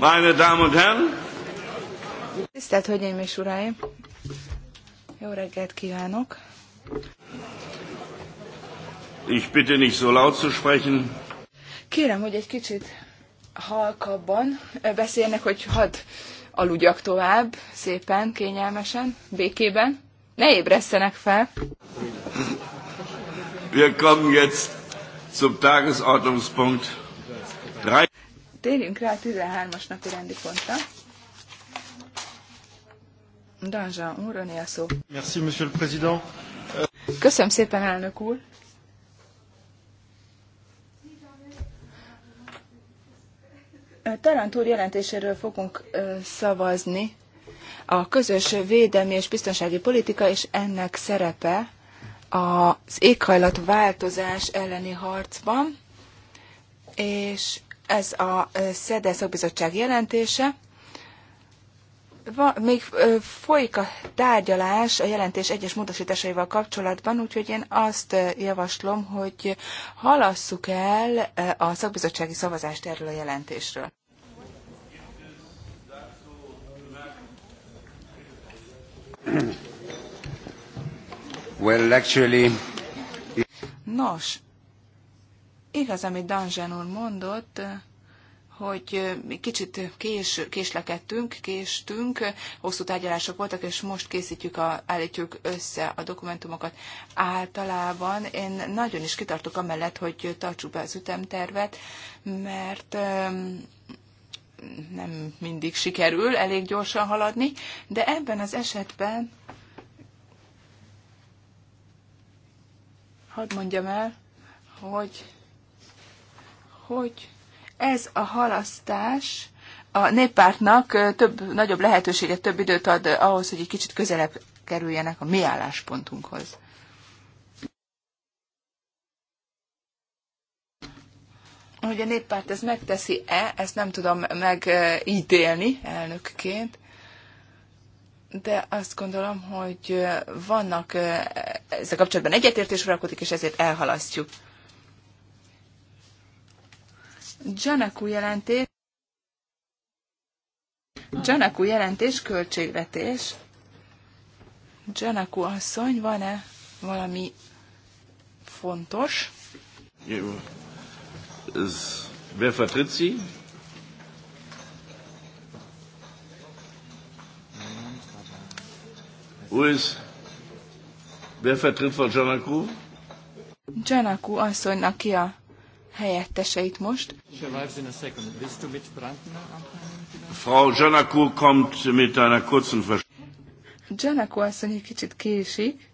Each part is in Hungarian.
Meine Damen und Herren! Tisztelt Hölgyeim és Uraim! Jó reggelt kívánok! Ich bitte nicht so laut zu sprechen. Kérem, hogy egy kicsit halkabban beszélnek, hogy hadd aludjak tovább, szépen, kényelmesen, békében. Ne ébresztenek fel! Wir kommen jetzt zum Tagesordnungspunkt 3. Térjünk rá a 13-as napi rendi pontra. Danjean úr, öné a szó. Merci, monsieur le président. Köszönöm szépen, elnök úr. Tarant úr jelentéséről fogunk szavazni. A közös védelmi és biztonsági politika és ennek szerepe az éghajlatváltozás elleni harcban, és ez a SZEDE szakbizottság jelentése. még folyik a tárgyalás a jelentés egyes módosításaival kapcsolatban, úgyhogy én azt javaslom, hogy halasszuk el a szakbizottsági szavazást erről a jelentésről. Mm-hmm. Well, actually... Nos, igaz, amit Danzsán úr mondott, hogy kicsit kés, késlekedtünk, késtünk, hosszú tárgyalások voltak, és most készítjük, a, állítjuk össze a dokumentumokat. Általában én nagyon is kitartok amellett, hogy tartsuk be az ütemtervet, mert nem mindig sikerül elég gyorsan haladni, de ebben az esetben hadd mondjam el, hogy, hogy ez a halasztás a néppártnak több, nagyobb lehetőséget, több időt ad ahhoz, hogy egy kicsit közelebb kerüljenek a mi álláspontunkhoz. Hogy a néppárt ez megteszi-e, ezt nem tudom megítélni elnökként, de azt gondolom, hogy vannak ezzel kapcsolatban egyetértés uralkodik, és ezért elhalasztjuk. Janakú jelentés. Janakú jelentés, költségvetés. Janakú asszony, van-e valami fontos? Wer vertritt sie? Who is? Wer vertritt von Janaku? Janaku asszonynak ki a helyetteseit most. Frau Janaku kommt mit einer kurzen Verschwörung. Janaku asszony egy kicsit késik.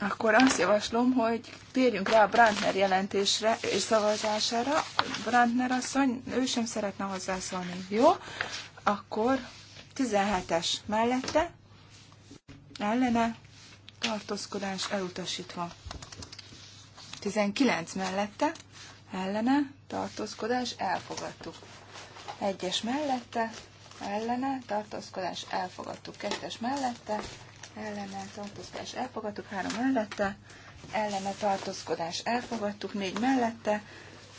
Akkor azt javaslom, hogy térjünk rá a Brandner jelentésre és szavazására. Brandner asszony, ő sem szeretne hozzászólni. Jó, akkor 17-es mellette ellene, tartózkodás elutasítva. 19 mellette, ellene, tartózkodás, elfogadtuk. Egyes mellette, ellene, tartózkodás, elfogadtuk. Kettes mellette, ellene, tartózkodás, elfogadtuk. Három mellette, ellene, tartózkodás, elfogadtuk. Négy mellette,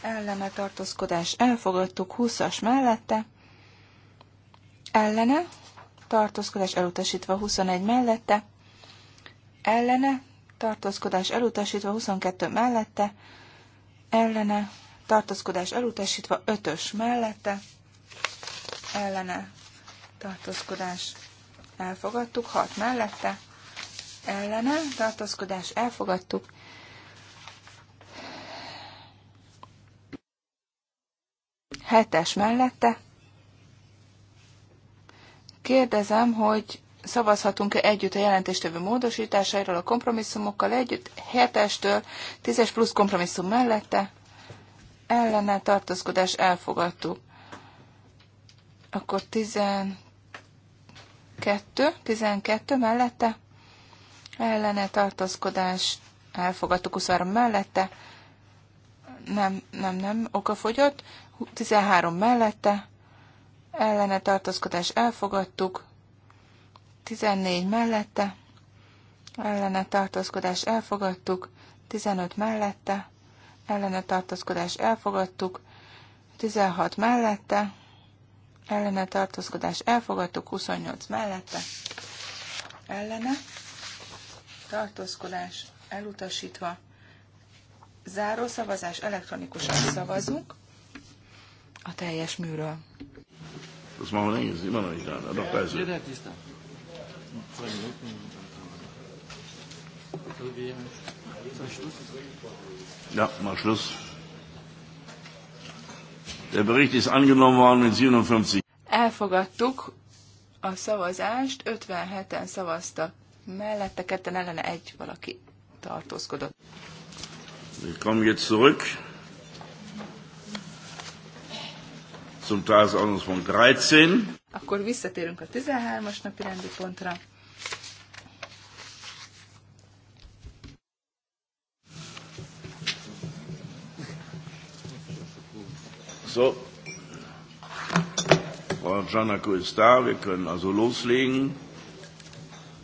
ellene, tartózkodás, elfogadtuk. Húszas mellette, ellene, tartózkodás elutasítva 21 mellette, ellene, tartózkodás elutasítva 22 mellette, ellene, tartózkodás elutasítva 5-ös mellette, ellene, tartózkodás elfogadtuk, 6 mellette, ellene, tartózkodás elfogadtuk, hetes mellette, Kérdezem, hogy szavazhatunk-e együtt a jelentéstevő módosításairól a kompromisszumokkal együtt, 7-estől 10-es plusz kompromisszum mellette, ellene tartózkodás elfogadtuk. Akkor 12, 12 mellette, ellene tartózkodás elfogadtuk 23 mellette, nem, nem, nem, okafogyott, 13 mellette, ellene tartózkodás elfogadtuk, 14 mellette, ellene tartózkodás elfogadtuk, 15 mellette, ellene tartózkodás elfogadtuk, 16 mellette, ellene tartózkodás elfogadtuk, 28 mellette, ellene tartózkodás elutasítva, záró szavazás elektronikusan szavazunk a teljes műről. Das machen wir nicht, ist immer noch nicht da. Doch, da Ja, mal Schluss. Der Bericht ist angenommen worden mit 57. Elfogadtuk a szavazást, 57-en szavaztak mellette, ketten ellene egy valaki tartózkodott. Wir kommen jetzt zurück. zum Tagesordnungspunkt 13. Akkor visszatérünk a 13-as napi rendi pontra. So, Frau Janaku ist da, wir können also loslegen.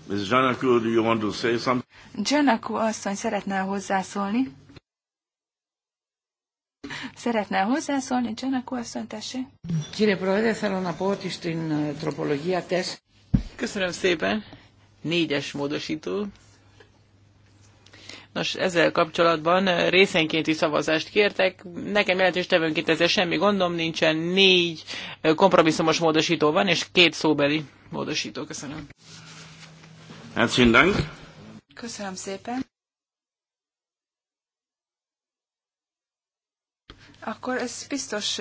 Mrs. Janaku, do you want to say something? Janaku asszony szeretne hozzászólni. Szeretne hozzászólni, Csanakó asszony, tessék? Kire Proede, a Istin Tropológia, tesz. Köszönöm szépen. Négyes módosító. Nos, ezzel kapcsolatban részenkénti szavazást kértek. Nekem tevőnként ezzel semmi gondom nincsen. Négy kompromisszumos módosító van, és két szóbeli módosító. Köszönöm. Köszönöm szépen. akkor ez biztos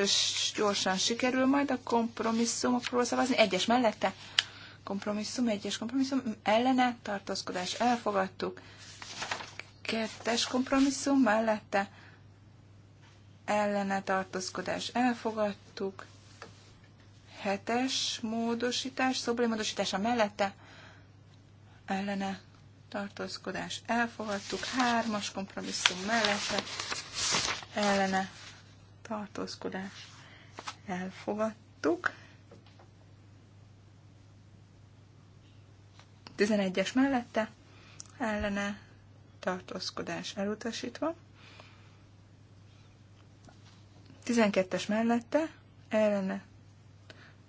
gyorsan sikerül majd a kompromisszumokról szavazni. Egyes mellette? Kompromisszum, egyes kompromisszum, ellene tartózkodás, elfogadtuk. Kettes kompromisszum mellette ellene tartózkodás, elfogadtuk. Hetes módosítás, szobori módosítása mellette ellene tartózkodás, elfogadtuk. Hármas kompromisszum mellette ellene tartózkodás elfogadtuk. 11-es mellette ellene tartózkodás elutasítva. 12-es mellette ellene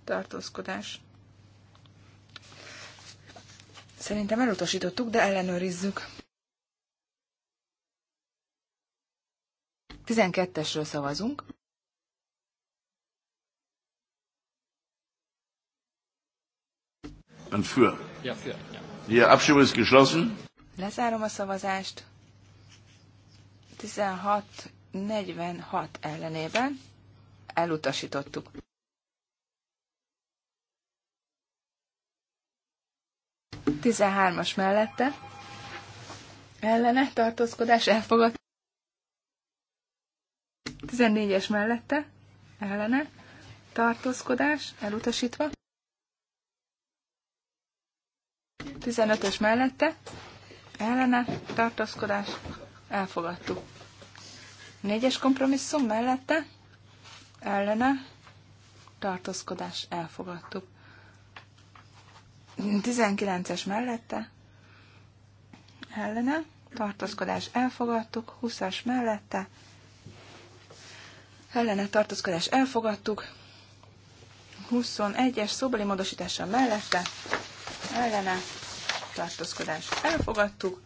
tartózkodás. Szerintem elutasítottuk, de ellenőrizzük. 12-esről szavazunk. Und für. Ja, für. Ja. Die Abstimmung ist geschlossen. Lezárom a szavazást. 16-46 ellenében elutasítottuk. Tizenhármas mellette ellene tartózkodás elfogadt. 14-es mellette, ellene, tartózkodás, elutasítva. 15-ös mellette, ellene, tartózkodás, elfogadtuk. 4-es kompromisszum mellette, ellene, tartózkodás, elfogadtuk. 19-es mellette, ellene, tartózkodás, elfogadtuk. 20-as mellette, ellene tartózkodás elfogadtuk, 21-es szóbeli módosítása mellette ellene tartózkodás elfogadtuk,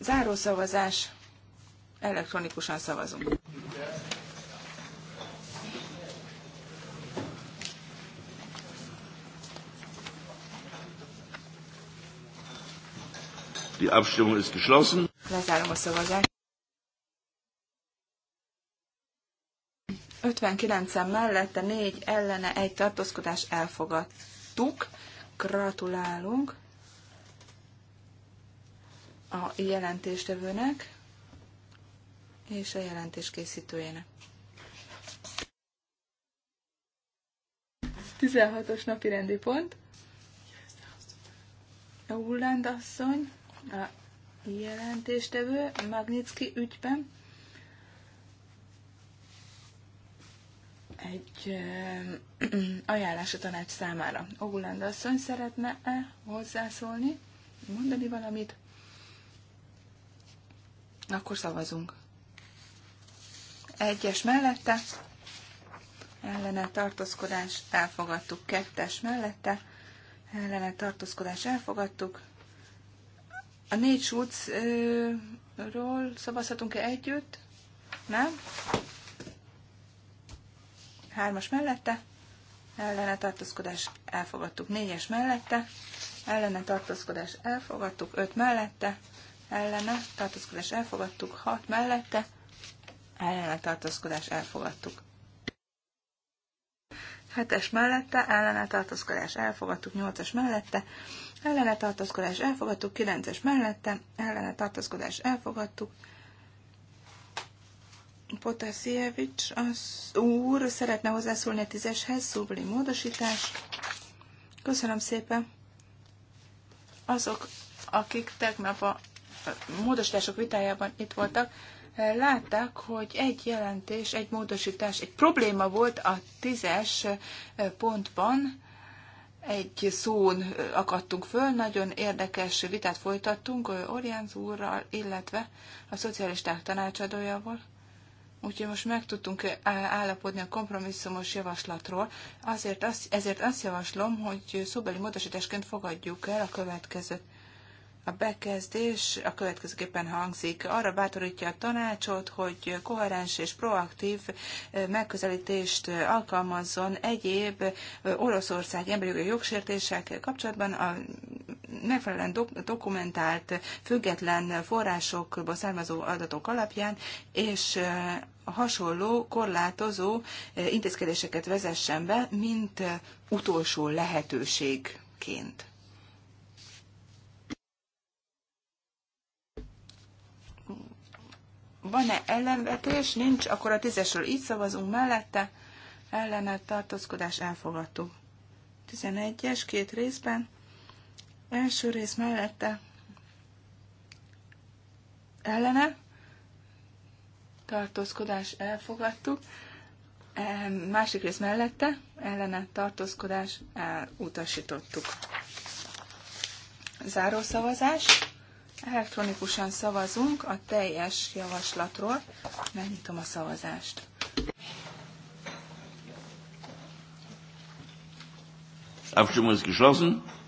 zárószavazás, elektronikusan szavazunk. Die Abstimmung ist geschlossen. Lezárom a szavazást. 59 -en mellette, négy ellene, egy tartózkodás elfogadtuk. Gratulálunk a jelentéstevőnek és a jelentés készítőjének. 16-os napi rendi pont. A hullandasszony, a jelentéstevő Magnitsky ügyben egy ajánlás a tanács számára. Ogulanda asszony szeretne-e hozzászólni, mondani valamit? Akkor szavazunk. Egyes mellette, ellene tartózkodás elfogadtuk. Kettes mellette, ellene tartózkodás elfogadtuk. A négy Schulzról szavazhatunk-e együtt? Nem? Hármas mellette, ellene tartózkodás elfogadtuk. Négyes mellette, ellene tartózkodás elfogadtuk. Öt mellette, ellene tartózkodás elfogadtuk. Hat mellette, ellene tartózkodás elfogadtuk. Hetes mellette, ellene tartózkodás elfogadtuk. Nyolcas mellette, ellene tartózkodás elfogadtuk. Kilences mellette, ellene tartózkodás elfogadtuk. Potasievics az úr szeretne hozzászólni a tízeshez, szóbeli módosítás. Köszönöm szépen. Azok, akik tegnap a módosítások vitájában itt voltak, látták, hogy egy jelentés, egy módosítás, egy probléma volt a tízes pontban, egy szón akadtunk föl, nagyon érdekes vitát folytattunk Orjánz úrral, illetve a szocialisták tanácsadójával. Úgyhogy most meg tudtunk eh, állapodni a kompromisszumos javaslatról. Azért azt, ezért azt javaslom, hogy szóbeli módosításként fogadjuk el a következőt. A bekezdés a következőképpen hangzik. Arra bátorítja a tanácsot, hogy koherens és proaktív eh, megközelítést eh, alkalmazzon egyéb Oroszország emberi jogsértések kapcsolatban a megfelelően dokumentált, független forrásokból származó adatok alapján, és hasonló korlátozó intézkedéseket vezessen be, mint utolsó lehetőségként. Van-e ellenvetés? Nincs, akkor a tízesről így szavazunk mellette. Ellenet tartózkodás elfogadtuk. 11-es két részben. Első rész mellette ellene tartózkodás elfogadtuk. E, másik rész mellette ellene tartózkodás elutasítottuk. Zárószavazás. szavazás. Elektronikusan szavazunk a teljes javaslatról. Megnyitom a szavazást. Abstimmung ist geschlossen.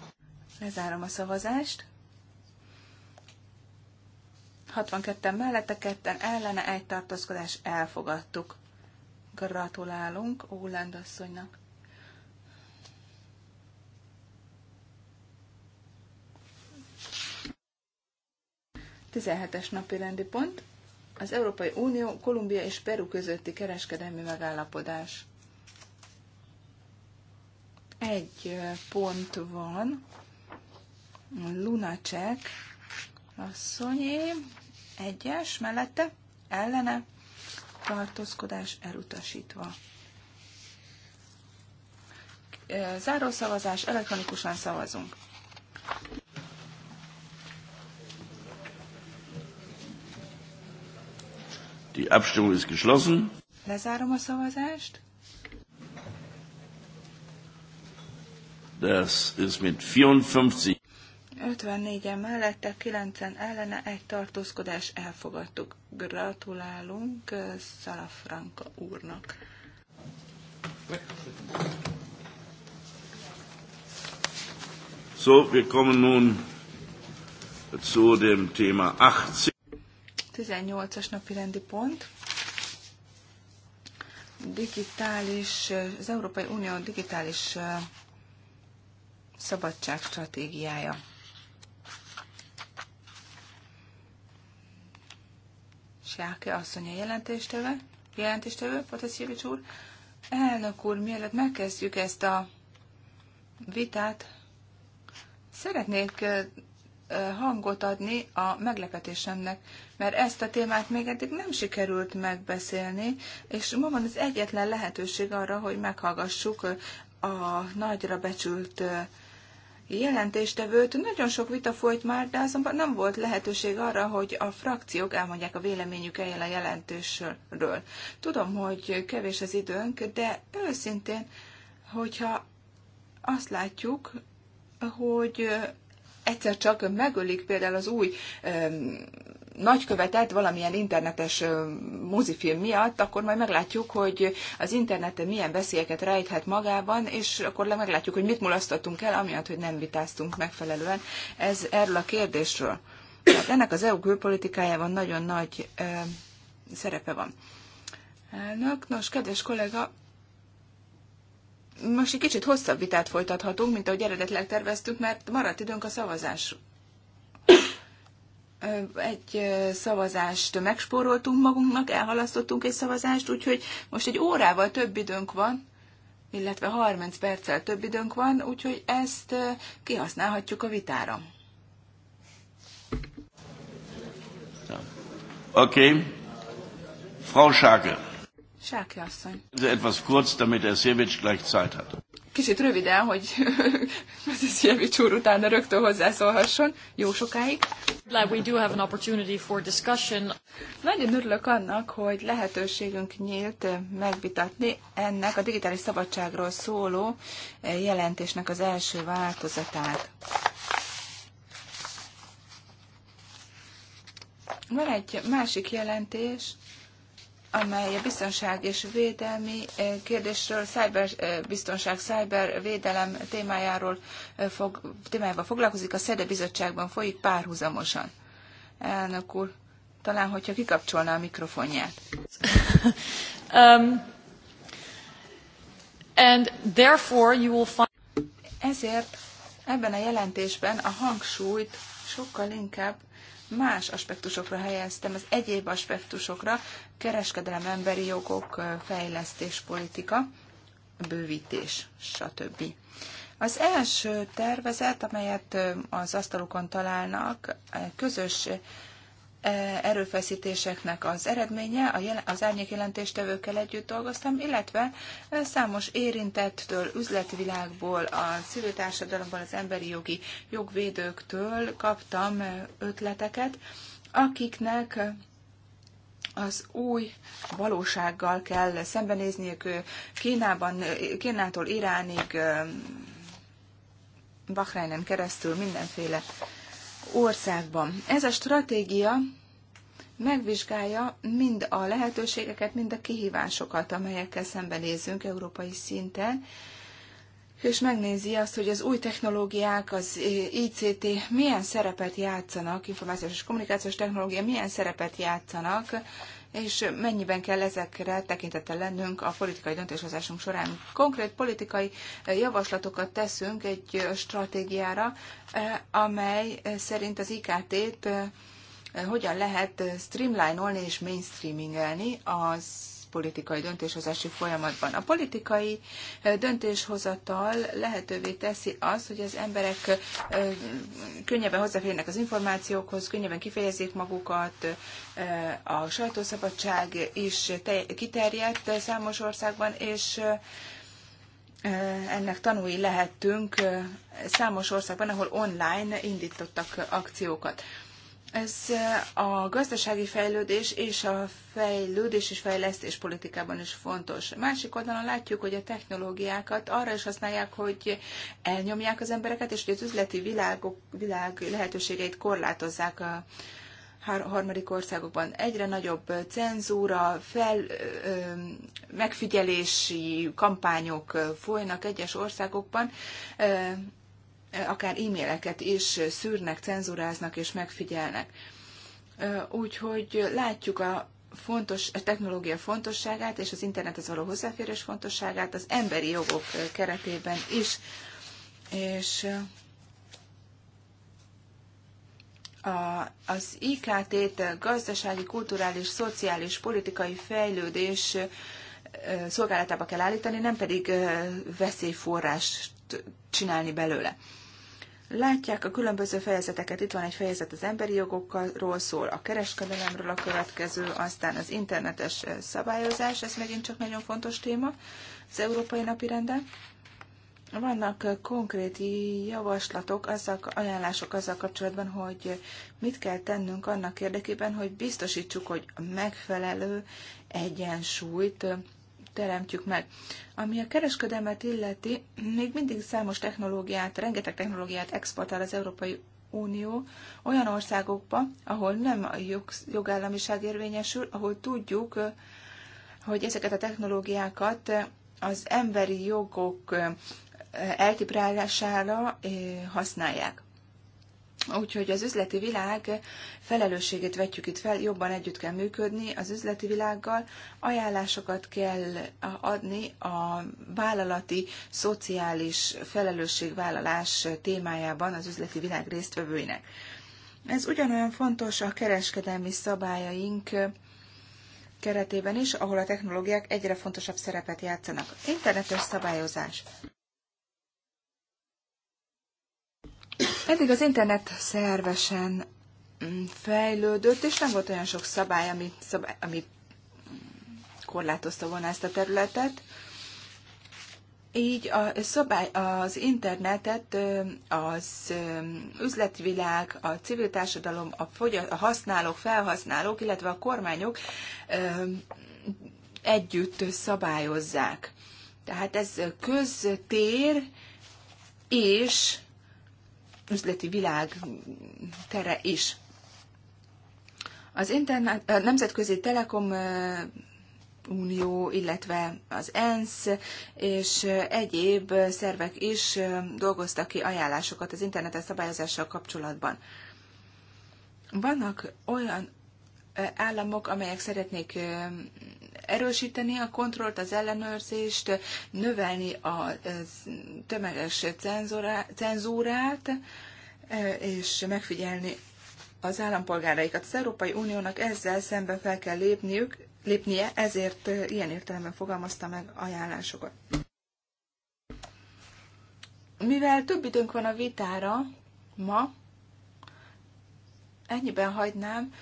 Lezárom a szavazást. 62-en mellette, ketten ellene, egy tartózkodás elfogadtuk. Gratulálunk Óland asszonynak. Tizenhetes napi rendi pont. Az Európai Unió, Kolumbia és Peru közötti kereskedelmi megállapodás. Egy pont van, Lunacek asszonyé, egyes, mellette, ellene, tartózkodás elutasítva. Záró szavazás, elektronikusan szavazunk. Die Abstimmung ist geschlossen. Lezárom a szavazást. Das ist mit 54 54-en mellette, 9-en ellene, egy tartózkodás elfogadtuk. Gratulálunk eh, Szalafranka úrnak. So, wir kommen nun zu dem Thema 18. 18-as napi rendi pont. Digitális, eh, az Európai Unió digitális eh, szabadság stratégiája. Sáke asszony a jelentéstevő, jelentéstevő, Potaszjevics úr. Elnök úr, mielőtt megkezdjük ezt a vitát, szeretnék hangot adni a meglepetésemnek, mert ezt a témát még eddig nem sikerült megbeszélni, és ma van az egyetlen lehetőség arra, hogy meghallgassuk a nagyra becsült jelentéstevőt. Nagyon sok vita folyt már, de azonban nem volt lehetőség arra, hogy a frakciók elmondják a véleményük el a jelentésről. Tudom, hogy kevés az időnk, de őszintén, hogyha azt látjuk, hogy egyszer csak megölik például az új nagykövetet valamilyen internetes mozifilm miatt, akkor majd meglátjuk, hogy az interneten milyen veszélyeket rejthet magában, és akkor meglátjuk, hogy mit mulasztottunk el, amiatt, hogy nem vitáztunk megfelelően ez erről a kérdésről. Tehát ennek az EU külpolitikájában nagyon nagy ö, szerepe van. Elnök, nos, kedves kollega, most egy kicsit hosszabb vitát folytathatunk, mint ahogy eredetileg terveztük, mert maradt időnk a szavazásra egy szavazást megspóroltunk magunknak, elhalasztottunk egy szavazást, úgyhogy most egy órával több időnk van, illetve 30 perccel több időnk van, úgyhogy ezt kihasználhatjuk a vitára. Oké. Okay. Frau Schake. Schake asszony. Etwas kurz, damit er Sevic gleich Zeit hat kicsit röviden, hogy Mrs. Jevics úr utána rögtön hozzászólhasson, jó sokáig. Like, we do have an opportunity for discussion. Nagyon örülök annak, hogy lehetőségünk nyílt megvitatni ennek a digitális szabadságról szóló jelentésnek az első változatát. Van egy másik jelentés, amely a biztonság és védelmi eh, kérdésről, cyber, eh, biztonság, cyber védelem témájáról eh, fog, témájával foglalkozik, a SZEDE bizottságban folyik párhuzamosan. Elnök úr, talán hogyha kikapcsolná a mikrofonját. um, and therefore you will find... Ezért ebben a jelentésben a hangsúlyt sokkal inkább más aspektusokra helyeztem, az egyéb aspektusokra, kereskedelem, emberi jogok, fejlesztés, politika, bővítés, stb. Az első tervezet, amelyet az asztalukon találnak, közös E, erőfeszítéseknek az eredménye, az árnyék jelentéstevőkkel együtt dolgoztam, illetve e, számos érintettől, üzletvilágból, a civil társadalomból, az emberi jogi jogvédőktől kaptam e, ötleteket, akiknek az új valósággal kell szembenézniük Kínában, Kínától Iránig, Bahreinen keresztül mindenféle országban. Ez a stratégia megvizsgálja mind a lehetőségeket, mind a kihívásokat, amelyekkel szembenézünk európai szinten, és megnézi azt, hogy az új technológiák, az ICT milyen szerepet játszanak, információs és kommunikációs technológia milyen szerepet játszanak és mennyiben kell ezekre tekintettel lennünk a politikai döntéshozásunk során. Konkrét politikai eh, javaslatokat teszünk egy eh, stratégiára, eh, amely szerint az IKT-t hogyan lehet streamline-olni és mainstreamingelni az politikai döntéshozási folyamatban. A politikai döntéshozatal lehetővé teszi az, hogy az emberek könnyebben hozzáférnek az információkhoz, könnyebben kifejezik magukat, a sajtószabadság is kiterjedt számos országban, és ennek tanúi lehettünk számos országban, ahol online indítottak akciókat. Ez a gazdasági fejlődés és a fejlődés és fejlesztés politikában is fontos. Másik oldalon látjuk, hogy a technológiákat arra is használják, hogy elnyomják az embereket, és hogy az üzleti világok, világ lehetőségeit korlátozzák a harmadik országokban. Egyre nagyobb cenzúra, fel, ö, megfigyelési kampányok folynak egyes országokban. Ö, akár e-maileket is szűrnek, cenzuráznak és megfigyelnek. Úgyhogy látjuk a fontos, a technológia fontosságát és az internethez való hozzáférés fontosságát az emberi jogok keretében is, és a, az IKT-t gazdasági, kulturális, szociális, politikai fejlődés szolgálatába kell állítani, nem pedig veszélyforrást csinálni belőle. Látják a különböző fejezeteket, itt van egy fejezet az emberi jogokról szól, a kereskedelemről a következő, aztán az internetes eh, szabályozás, ez megint csak nagyon fontos téma az európai napirenden. Vannak eh, konkrét javaslatok, azzal, ajánlások azzal kapcsolatban, hogy mit kell tennünk annak érdekében, hogy biztosítsuk, hogy megfelelő egyensúlyt eh, teremtjük meg. Ami a kereskedelmet illeti, még mindig számos technológiát, rengeteg technológiát exportál az Európai Unió olyan országokba, ahol nem a jog, jogállamiság érvényesül, ahol tudjuk, hogy ezeket a technológiákat az emberi jogok eltiprálására használják. Úgyhogy az üzleti világ felelősségét vetjük itt fel, jobban együtt kell működni az üzleti világgal, ajánlásokat kell adni a vállalati, szociális felelősségvállalás témájában az üzleti világ résztvevőinek. Ez ugyanolyan fontos a kereskedelmi szabályaink keretében is, ahol a technológiák egyre fontosabb szerepet játszanak. Internetes szabályozás. Eddig az internet szervesen mm, fejlődött, és nem volt olyan sok szabály, ami, szabály, ami korlátozta volna ezt a területet. Így a szabály, az internetet az üzletvilág, a civil társadalom, a, fogy- a használók, felhasználók, illetve a kormányok együtt szabályozzák. Tehát ez köztér és üzleti világ tere is. Az internet, a Nemzetközi Telekom Unió, illetve az ENSZ és egyéb szervek is dolgoztak ki ajánlásokat az internetes szabályozással kapcsolatban. Vannak olyan államok, amelyek szeretnék erősíteni a kontrollt, az ellenőrzést, növelni a tömeges cenzúrát, e, és megfigyelni az állampolgáraikat. Az Európai Uniónak ezzel szemben fel kell lépniük, lépnie, ezért e, ilyen értelemben fogalmazta meg ajánlásokat. Mivel több időnk van a vitára ma, ennyiben hagynám,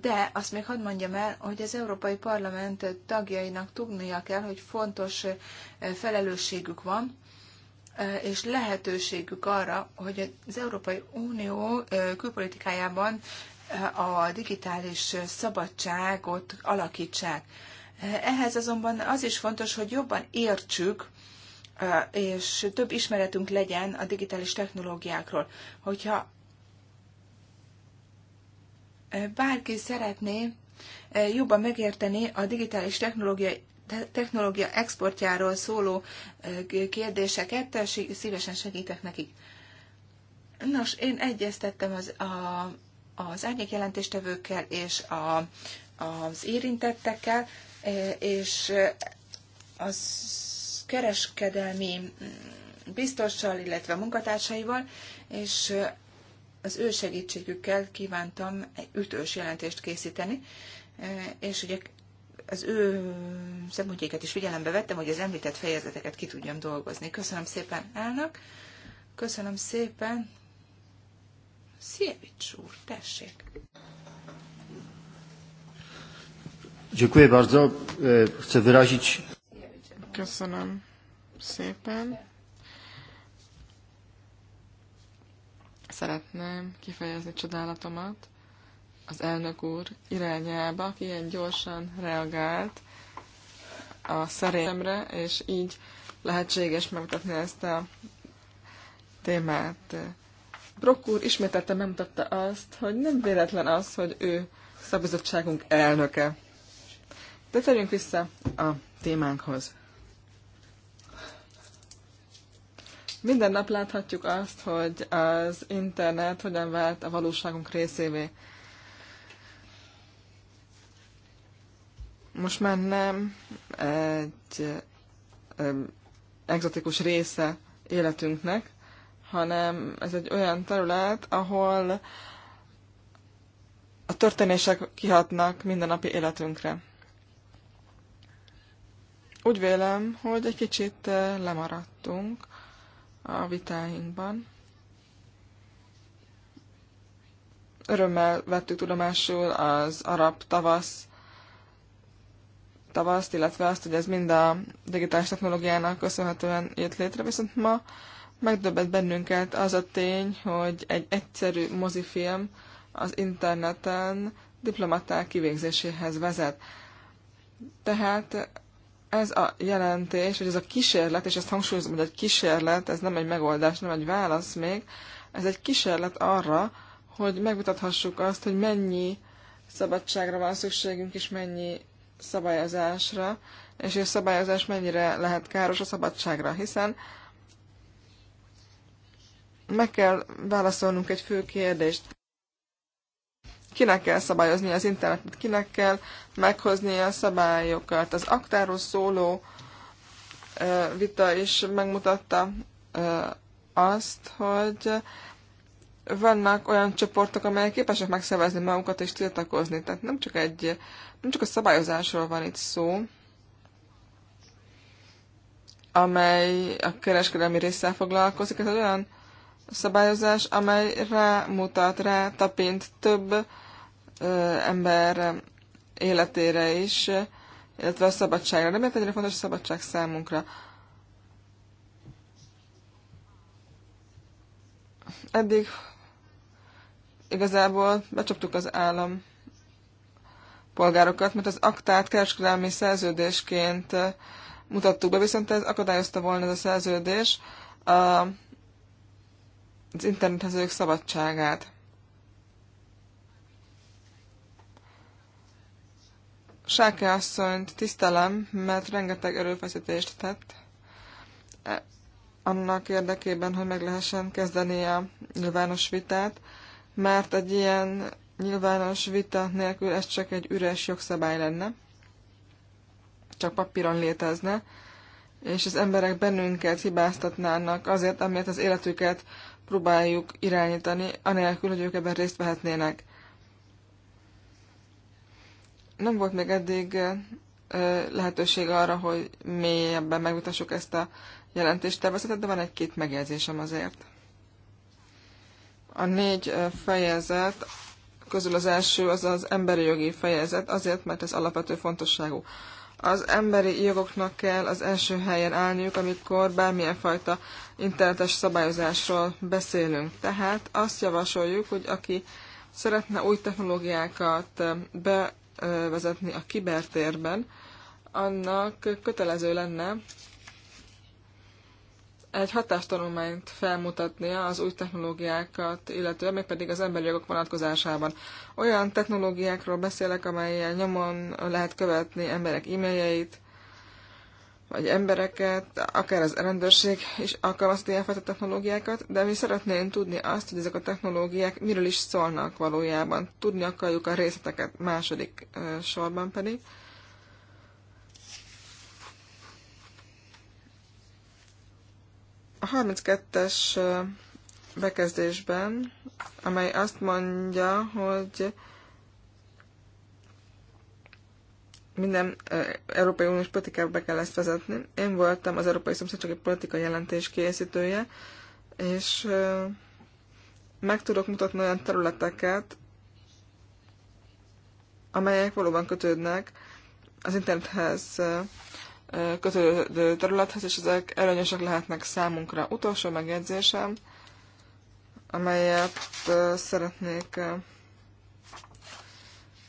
de azt még hadd mondjam el, hogy az Európai Parlament tagjainak tudnia kell, hogy fontos felelősségük van, és lehetőségük arra, hogy az Európai Unió külpolitikájában a digitális szabadságot alakítsák. Ehhez azonban az is fontos, hogy jobban értsük, és több ismeretünk legyen a digitális technológiákról. Hogyha Bárki szeretné eh, jobban megérteni a digitális technológia, technológia exportjáról szóló eh, kérdéseket, szívesen segítek nekik. Nos, én egyeztettem az, a, az jelentéstevőkkel és a, az érintettekkel, eh, és az kereskedelmi mm, biztossal, illetve munkatársaival, és az ő segítségükkel kívántam egy ütős jelentést készíteni, eh, és ugye az ő szempontjaikat is figyelembe vettem, hogy az említett fejezeteket ki tudjam dolgozni. Köszönöm szépen elnök, köszönöm szépen Szievics úr, tessék! E, köszönöm szépen. Szeretném kifejezni csodálatomat az elnök úr irányába, aki ilyen gyorsan reagált a szerélemre, és így lehetséges megmutatni ezt a témát. Brock úr ismételten megmutatta azt, hogy nem véletlen az, hogy ő szabizottságunk elnöke. De vissza a témánkhoz. Minden nap láthatjuk azt, hogy az internet hogyan vált a valóságunk részévé. Most már nem egy egzotikus része életünknek, hanem ez egy olyan terület, ahol a történések kihatnak mindennapi életünkre. Úgy vélem, hogy egy kicsit eh, lemaradtunk a vitáinkban. Örömmel vettük tudomásul az arab tavasz tavaszt, illetve azt, hogy ez mind a digitális technológiának köszönhetően jött létre, viszont ma megdöbbent bennünket az a tény, hogy egy egyszerű mozifilm az interneten diplomaták kivégzéséhez vezet. Tehát ez a jelentés, vagy ez a kísérlet, és ezt hangsúlyozom, hogy egy kísérlet, ez nem egy megoldás, nem egy válasz még, ez egy kísérlet arra, hogy megmutathassuk azt, hogy mennyi szabadságra van szükségünk, és mennyi szabályozásra, és a szabályozás mennyire lehet káros a szabadságra, hiszen meg kell válaszolnunk egy fő kérdést kinek kell szabályozni az internetet, kinek kell meghozni a szabályokat. Az aktáról szóló vita is megmutatta azt, hogy vannak olyan csoportok, amelyek képesek megszervezni magukat és tiltakozni. Tehát nem csak, egy, nem csak a szabályozásról van itt szó, amely a kereskedelmi résszel foglalkozik, ez olyan szabályozás, amely rámutat, rá tapint több ö, ember életére is, illetve a szabadságra. De miért egyre fontos a szabadság számunkra? Eddig igazából becsaptuk az állam polgárokat, mert az aktát kereskedelmi szerződésként mutattuk be, viszont ez akadályozta volna ez a szerződés. A az internethez ők szabadságát. Sáke asszonyt tisztelem, mert rengeteg erőfeszítést tett e, annak érdekében, hogy meg lehessen kezdeni a nyilvános vitát, mert egy ilyen nyilvános vita nélkül ez csak egy üres jogszabály lenne, csak papíron létezne, és az emberek bennünket hibáztatnának azért, amiért az életüket próbáljuk irányítani, anélkül, hogy ők ebben részt vehetnének. Nem volt még eddig lehetőség arra, hogy mélyebben megvitassuk ezt a jelentéstervezetet, de van egy-két megjegyzésem azért. A négy fejezet közül az első az az emberi jogi fejezet, azért, mert ez alapvető fontosságú az emberi jogoknak kell az első helyen állniuk, amikor bármilyen fajta internetes szabályozásról beszélünk. Tehát azt javasoljuk, hogy aki szeretne új technológiákat bevezetni a kibertérben, annak kötelező lenne egy hatástanulmányt felmutatnia az új technológiákat, illetően még pedig az emberi jogok vonatkozásában. Olyan technológiákról beszélek, amelyen nyomon lehet követni emberek e-mailjeit, vagy embereket, akár az rendőrség is alkalmazta fajta technológiákat, de mi szeretnénk tudni azt, hogy ezek a technológiák miről is szólnak valójában. Tudni akarjuk a részleteket második eh, sorban pedig. 32-es bekezdésben, amely azt mondja, hogy minden Európai Uniós politikába be kell ezt vezetni. Én voltam az Európai Szomszédsági Politika jelentés készítője, és meg tudok mutatni olyan területeket, amelyek valóban kötődnek az internethez kötődő területhez, és ezek előnyösek lehetnek számunkra. Utolsó megjegyzésem, amelyet szeretnék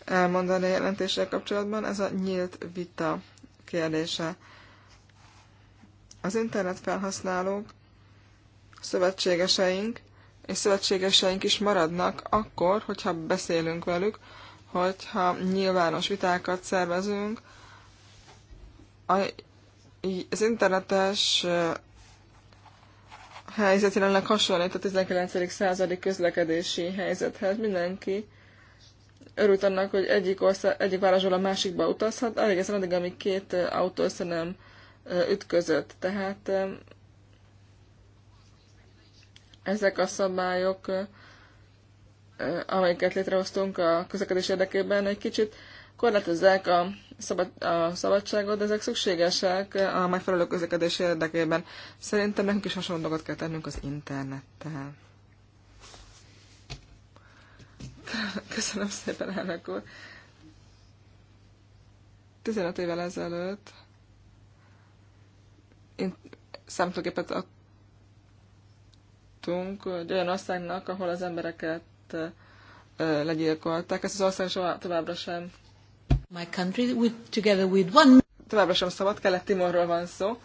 elmondani a jelentéssel kapcsolatban, ez a nyílt vita kérdése. Az internet felhasználók, szövetségeseink, és szövetségeseink is maradnak akkor, hogyha beszélünk velük, hogyha nyilvános vitákat szervezünk, az internetes helyzet jelenleg hasonlít a 19. századi közlekedési helyzethez. Mindenki örült annak, hogy egyik, ország, egyik városból a másikba utazhat, elég ez addig, amíg két autó össze nem ütközött. Tehát ezek a szabályok, amelyeket létrehoztunk a közlekedés érdekében, egy kicsit korlátozzák a, szabad, a szabadságot, de ezek szükségesek a megfelelő közlekedés érdekében. Szerintem nekünk is hasonló dolgot kell tennünk az internettel. Köszönöm szépen, elnök úr. 15 évvel ezelőtt én számítógépet adtunk egy olyan országnak, ahol az embereket legyilkolták. Ezt az ország soha továbbra sem My country with, together with one... Továbbra sem szabad, kellett Timorról van szó.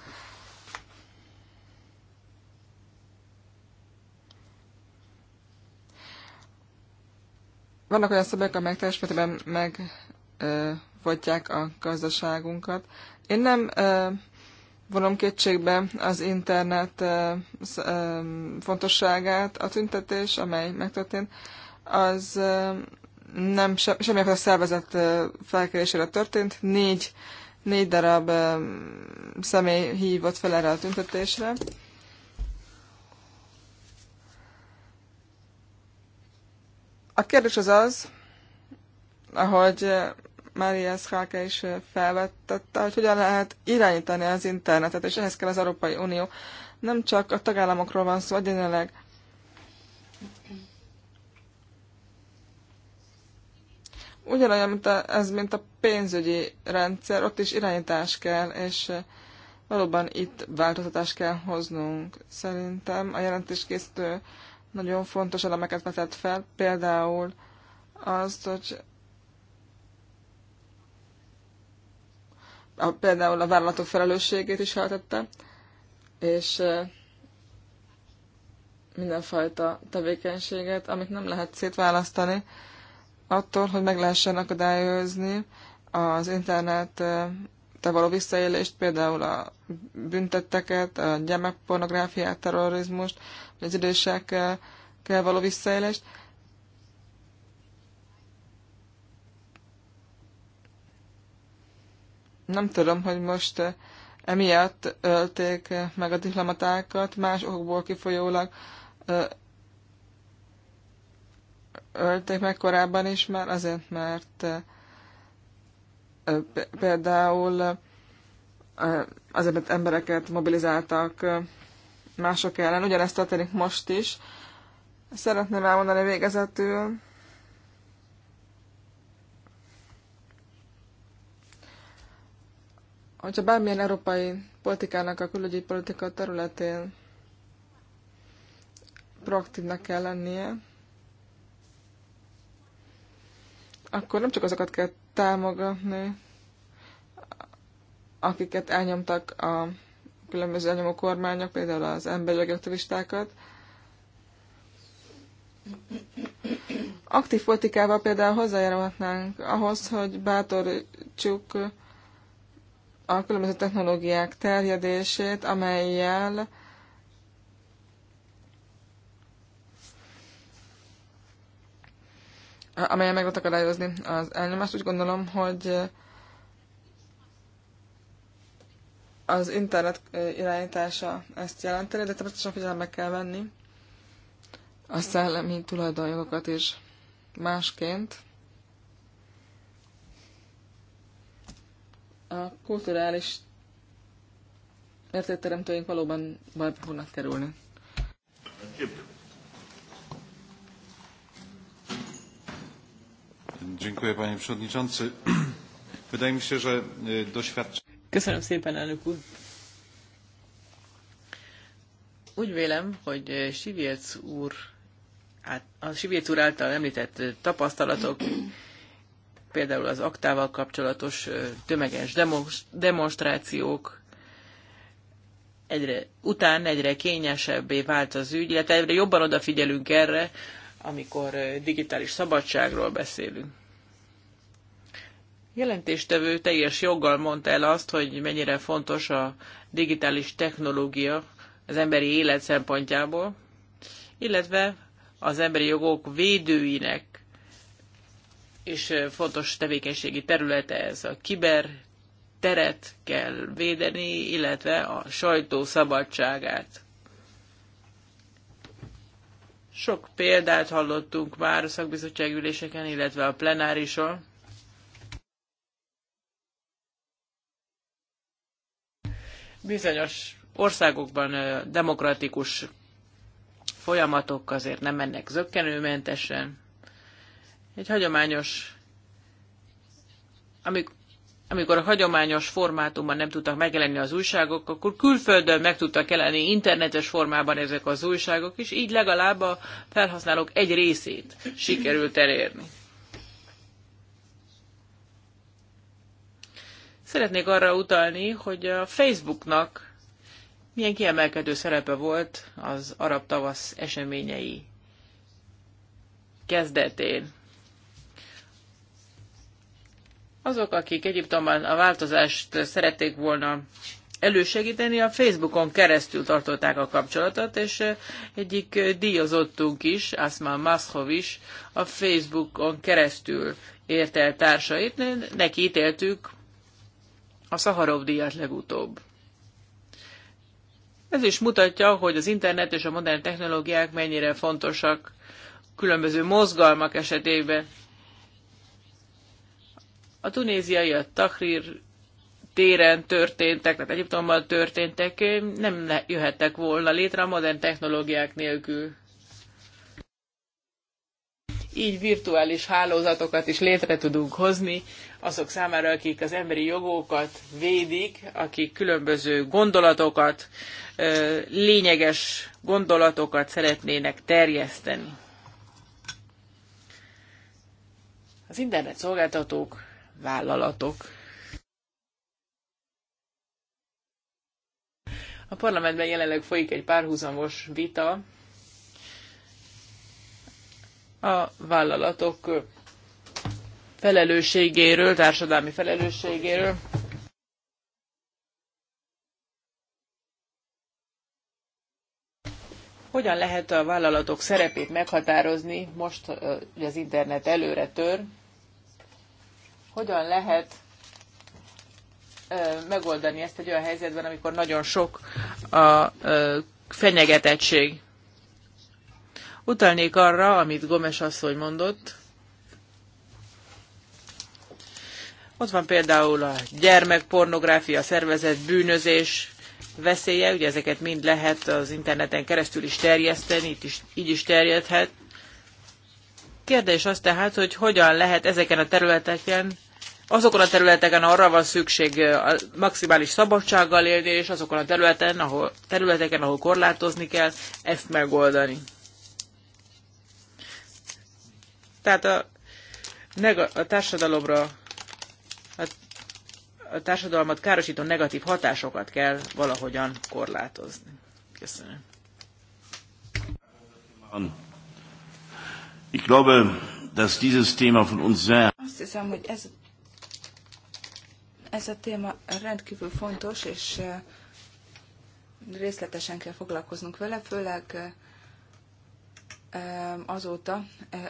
Vannak olyan szabályok, amelyek teljes mértékben megfogyják a gazdaságunkat. Én nem ö, vonom kétségbe az internet ö, ö, fontosságát. A tüntetés, amely megtörtént, az nem se, semmilyen a szervezet felkerésére történt. Négy, négy darab személy hívott fel erre a tüntetésre. A kérdés az az, ahogy Mária Szkáke is felvettette, hogy hogyan lehet irányítani az internetet, és ehhez kell az Európai Unió. Nem csak a tagállamokról van szó, egyenleg ugyanolyan, mint a, ez, mint a pénzügyi rendszer, ott is irányítás kell, és valóban itt változtatást kell hoznunk. Szerintem a jelentéskészítő nagyon fontos elemeket vetett fel, például azt, hogy a, például a vállalatok felelősségét is feltette, és mindenfajta tevékenységet, amit nem lehet szétválasztani, attól, hogy meg lehessen akadályozni az internet te való visszaélést, például a büntetteket, a gyermekpornográfiát, terrorizmust, az idősekkel való visszaélést. Nem tudom, hogy most emiatt ölték meg a diplomatákat, más okból kifolyólag ölték meg korábban is mert azért mert például azért, mert embereket mobilizáltak mások ellen. Ugyanezt történik most is. Szeretném elmondani végezetül, hogyha bármilyen európai politikának a külügyi politika területén proaktívnak kell lennie, akkor nem csak azokat kell támogatni, akiket elnyomtak a különböző elnyomó kormányok, például az emberi aktivistákat. Aktív politikával például hozzájárulhatnánk ahhoz, hogy bátorítsuk a különböző technológiák terjedését, amelyel amelyen meg lehet akadályozni az elnyomást. Úgy gondolom, hogy az internet irányítása ezt jelenteni, de természetesen figyelembe kell venni a szellemi tulajdonjogokat is másként. A kulturális értékteremtőink valóban bajba fognak kerülni. Dziękuję, panie przewodniczący. Wydaje mi się, że e, doświadczenie... Köszönöm szépen, elnök úr. Úgy vélem, hogy e, Sivjec úr, a Sivjec úr által említett e, tapasztalatok, például az aktával kapcsolatos tömeges demonstrációk, egyre, után egyre kényesebbé vált az ügy, illetve egyre jobban odafigyelünk erre, amikor digitális szabadságról beszélünk. Jelentéstevő teljes joggal mondta el azt, hogy mennyire fontos a digitális technológia az emberi élet szempontjából, illetve az emberi jogok védőinek és fontos tevékenységi területe ez a kiber teret kell védeni, illetve a sajtó szabadságát. Sok példát hallottunk már a szakbizottságüléseken, illetve a plenárison. Bizonyos országokban demokratikus folyamatok azért nem mennek zöggenőmentesen. Egy hagyományos, amik, amikor a hagyományos formátumban nem tudtak megjelenni az újságok, akkor külföldön meg tudtak jelenni internetes formában ezek az újságok is, így legalább a felhasználók egy részét sikerült elérni. Szeretnék arra utalni, hogy a Facebooknak milyen kiemelkedő szerepe volt az arab tavasz eseményei kezdetén. Azok, akik Egyiptomban a változást szerették volna elősegíteni, a Facebookon keresztül tartották a kapcsolatot, és eh, egyik eh, díjazottunk is, Asma Maszhov is, a Facebookon keresztül ért el társait, neki ítéltük a Szaharov díjat legutóbb. Ez is mutatja, hogy az internet és a modern technológiák mennyire fontosak különböző mozgalmak esetében. A tunéziai, a Tahrir téren történtek, tehát Egyiptomban történtek, nem jöhettek volna létre a modern technológiák nélkül. Így virtuális hálózatokat is létre tudunk hozni azok számára, akik az emberi jogokat védik, akik különböző gondolatokat, lényeges gondolatokat szeretnének terjeszteni. Az internet szolgáltatók vállalatok. A parlamentben jelenleg folyik egy párhuzamos vita a vállalatok felelősségéről, társadalmi felelősségéről. Hogyan lehet a vállalatok szerepét meghatározni most, hogy az internet előre tör, hogyan lehet megoldani ezt egy olyan helyzetben, amikor nagyon sok a fenyegetettség. Utalnék arra, amit Gomes asszony mondott. Ott van például a gyermekpornográfia, szervezett bűnözés veszélye, ugye ezeket mind lehet az interneten keresztül is terjeszteni, itt is, így is terjedhet. Kérdés az tehát, hogy hogyan lehet ezeken a területeken azokon a területeken arra van szükség a maximális szabadsággal élni, és azokon a területen, ahol, területeken, ahol korlátozni kell, ezt megoldani. Tehát a, a társadalomra hát a társadalmat károsító negatív hatásokat kell valahogyan korlátozni. Köszönöm. Ich glaube, dass dieses Thema von uns sehr Azt hiszem, hogy ez a ez a téma rendkívül fontos, és részletesen kell foglalkoznunk vele, főleg azóta,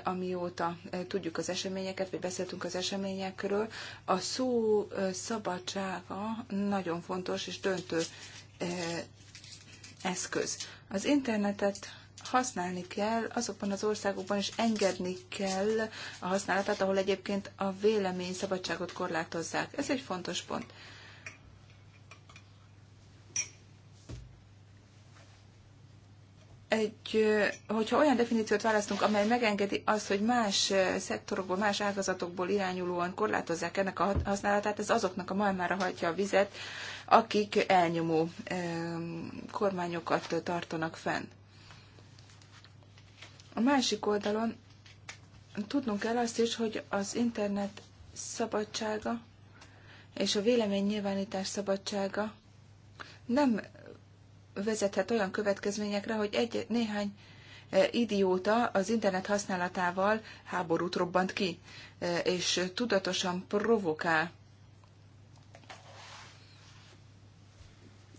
amióta tudjuk az eseményeket, vagy beszéltünk az eseményekről. A szó szabadsága nagyon fontos és döntő eszköz. Az internetet használni kell, azokban az országokban is engedni kell a használatát, ahol egyébként a vélemény szabadságot korlátozzák. Ez egy fontos pont. egy, hogyha olyan definíciót választunk, amely megengedi azt, hogy más szektorokból, más ágazatokból irányulóan korlátozzák ennek a használatát, ez azoknak a majmára hagyja a vizet, akik elnyomó kormányokat tartanak fenn. A másik oldalon tudnunk kell azt is, hogy az internet szabadsága és a vélemény nyilvánítás szabadsága nem vezethet olyan következményekre, hogy egy néhány e, idióta az internet használatával háborút robbant ki, e, és tudatosan provokál.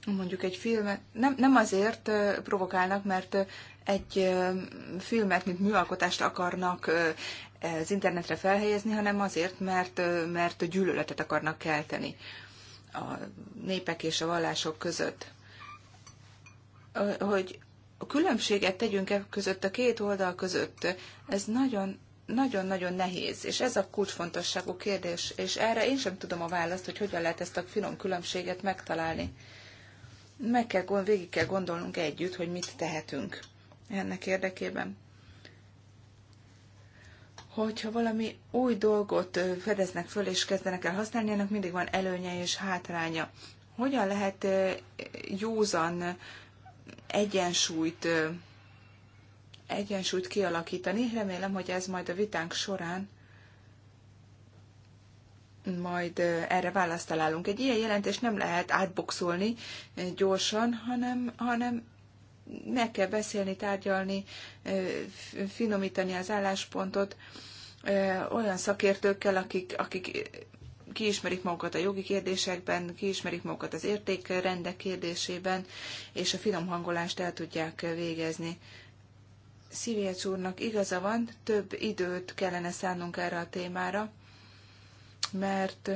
Mondjuk egy filmet nem, nem azért e, provokálnak, mert egy filmet, mint műalkotást akarnak az internetre felhelyezni, hanem azért, mert, mert gyűlöletet akarnak kelteni a népek és a vallások között. Hogy a különbséget tegyünk e között, a két oldal között, ez nagyon nagyon-nagyon nehéz, és ez a kulcsfontosságú kérdés, és erre én sem tudom a választ, hogy hogyan lehet ezt a finom különbséget megtalálni. Meg kell, végig kell gondolnunk együtt, hogy mit tehetünk ennek érdekében. Hogyha valami új dolgot fedeznek föl és kezdenek el használni, ennek mindig van előnye és hátránya. Hogyan lehet józan egyensúlyt, egyensúlyt kialakítani? Remélem, hogy ez majd a vitánk során majd erre választ találunk. Egy ilyen jelentést nem lehet átboxolni gyorsan, hanem, hanem meg kell beszélni, tárgyalni, finomítani az álláspontot olyan szakértőkkel, akik, akik kiismerik magukat a jogi kérdésekben, kiismerik magukat az értékrendek kérdésében, és a finom hangolást el tudják végezni. Szívécs úrnak igaza van, több időt kellene szánnunk erre a témára, mert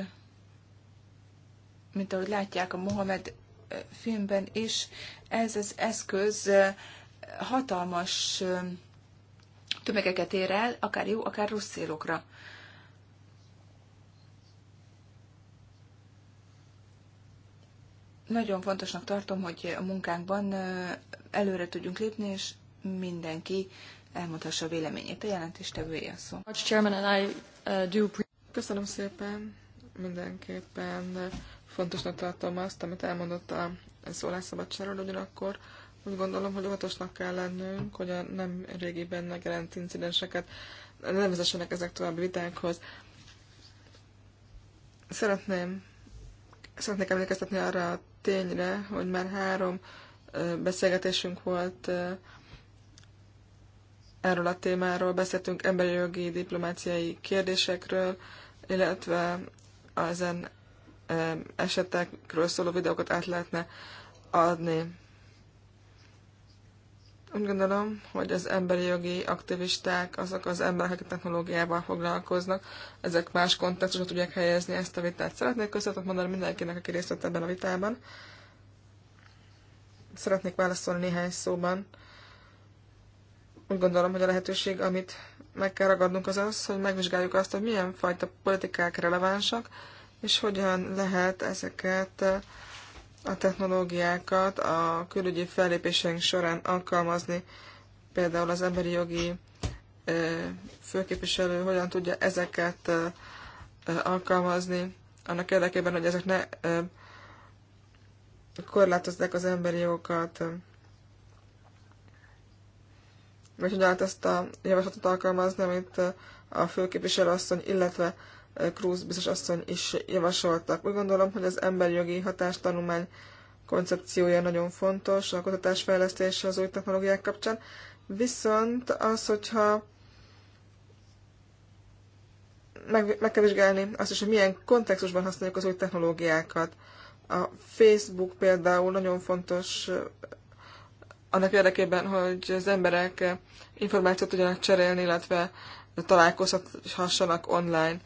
mint ahogy látják, a Mohamed filmben is ez az eszköz hatalmas tömegeket ér el, akár jó, akár rossz célokra. Nagyon fontosnak tartom, hogy a munkánkban előre tudjunk lépni, és mindenki elmondhassa a véleményét. A jelentéstevője a szó. Uh, Köszönöm szépen mindenképpen Fontosnak tartom azt, amit elmondott a szólásszabadságról, ugyanakkor úgy gondolom, hogy óvatosnak kell lennünk, hogy a nem régiben megjelent incidenseket nem vezessenek ezek további vitákhoz. Szeretném, szeretnék emlékeztetni arra a tényre, hogy már három beszélgetésünk volt erről a témáról, beszéltünk emberi jogi diplomáciai kérdésekről, illetve ezen esetekről szóló videókat át lehetne adni. Úgy gondolom, hogy az emberi jogi aktivisták, azok az emberek, akik technológiával foglalkoznak, ezek más kontextusra tudják helyezni ezt a vitát. Szeretnék köszönetet mondani mindenkinek, aki részt vett ebben a vitában. Szeretnék válaszolni néhány szóban. Úgy gondolom, hogy a lehetőség, amit meg kell ragadnunk, az az, hogy megvizsgáljuk azt, hogy milyen fajta politikák relevánsak, és hogyan lehet ezeket a technológiákat a külügyi fellépéseink során alkalmazni, például az emberi jogi főképviselő hogyan tudja ezeket alkalmazni, annak érdekében, hogy ezek ne korlátozzák az emberi jogokat, vagy hogy lehet ezt a javaslatot alkalmazni, amit a főképviselő asszony, illetve Krúz biztos asszony is javasoltak. Úgy gondolom, hogy az emberi jogi hatástanulmány koncepciója nagyon fontos a fejlesztése az új technológiák kapcsán, viszont az, hogyha meg, meg kell vizsgálni azt is, hogy milyen kontextusban használjuk az új technológiákat. A Facebook például nagyon fontos eh, annak érdekében, hogy az emberek eh, információt tudjanak cserélni, illetve találkozhassanak online.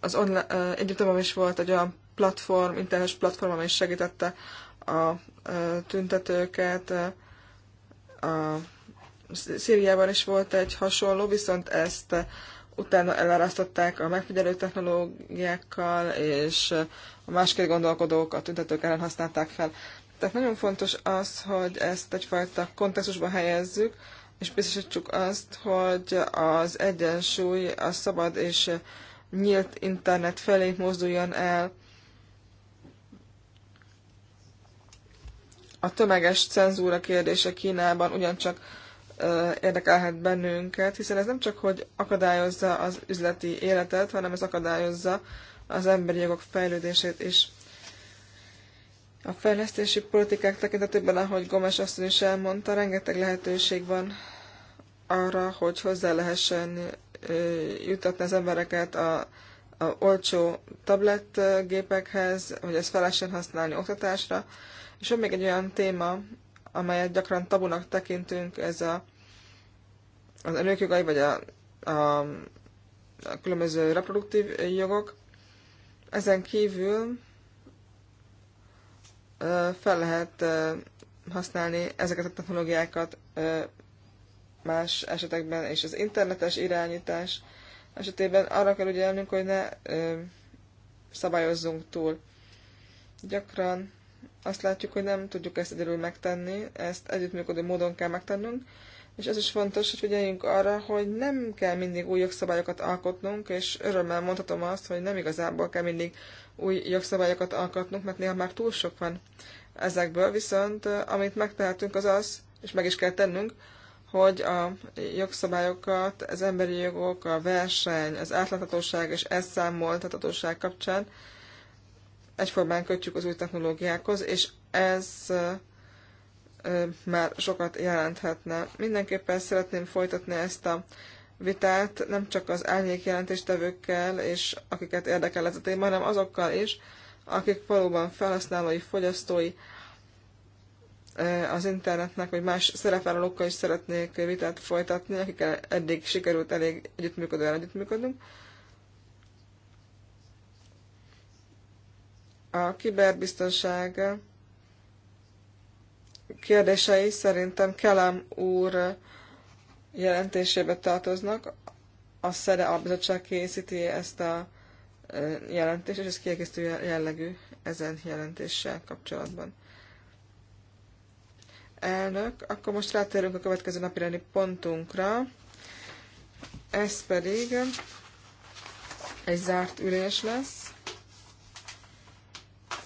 Az online, egyetemem is volt egy olyan platform, internetes platform, amely segítette a tüntetőket. A Szíriában is volt egy hasonló, viszont ezt utána elárasztották a megfigyelő technológiákkal, és a másképp gondolkodók a tüntetők ellen használták fel. Tehát nagyon fontos az, hogy ezt egyfajta kontextusba helyezzük, és biztosítsuk azt, hogy az egyensúly a szabad és nyílt internet felé mozduljon el. A tömeges cenzúra kérdése Kínában ugyancsak érdekelhet bennünket, hiszen ez nem csak, hogy akadályozza az üzleti életet, hanem ez akadályozza az emberi jogok fejlődését is. A fejlesztési politikák tekintetében, ahogy Gomes asszony is elmondta, rengeteg lehetőség van arra, hogy hozzá lehessen juttatni az embereket a, a olcsó tabletgépekhez, hogy ezt felesen használni oktatásra. És van még egy olyan téma, amelyet gyakran tabunak tekintünk, ez a, az nők jogai, vagy a, a, a különböző reproduktív jogok. Ezen kívül fel lehet használni ezeket a technológiákat más esetekben, és az internetes irányítás esetében arra kell ügyelnünk, hogy ne ö, szabályozzunk túl. Gyakran azt látjuk, hogy nem tudjuk ezt egyedül megtenni, ezt együttműködő módon kell megtennünk, és ez is fontos, hogy figyeljünk arra, hogy nem kell mindig új jogszabályokat alkotnunk, és örömmel mondhatom azt, hogy nem igazából kell mindig új jogszabályokat alkotnunk, mert néha már túl sok van ezekből, viszont amit megtehetünk az az, és meg is kell tennünk, hogy a jogszabályokat, az emberi jogok, a verseny, az átláthatóság és elszámoltathatóság kapcsán egyformán kötjük az új technológiákhoz, és ez már sokat jelenthetne. Mindenképpen szeretném folytatni ezt a vitát nem csak az árnyék jelentéstevőkkel, és akiket érdekel ez a téma, hanem azokkal is, akik valóban felhasználói, fogyasztói, Eh, az internetnek, vagy más szerepvállalókkal is szeretnék vitát folytatni, akikkel eddig sikerült elég együttműködően együttműködnünk. A kiberbiztonság kérdései szerintem Kelem úr jelentésébe tartoznak. A SZEDE albizottság készíti ezt a eh, jelentést, és ez kiegészítő jellegű ezen jelentéssel kapcsolatban elnök. Akkor most rátérünk a következő napirendi pontunkra. Ez pedig egy zárt ülés lesz.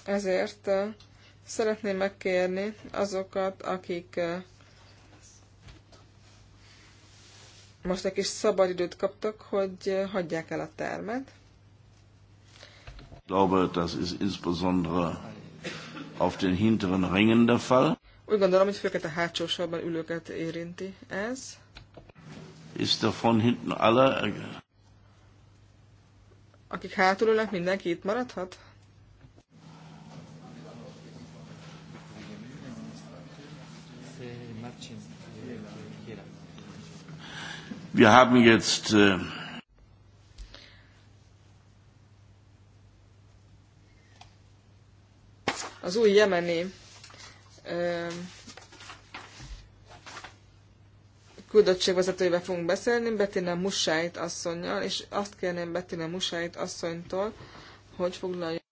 Ezért szeretném megkérni azokat, akik most egy kis szabadidőt kaptak, hogy hagyják el a termet. Ich glaube, das ist insbesondere auf den hinteren Ringen der Fall. Úgy gondolom, hogy főket a hátsó sorban ülőket érinti ez. Is the von hinten alle... Akik hátul ülnek, mindenki itt maradhat? Wir haben jetzt äh, az új jemeni küldöttségvezetőjével fogunk beszélni, Bettina Musáit asszonynal, és azt kérném Bettina Musáit asszonytól, hogy foglaljon.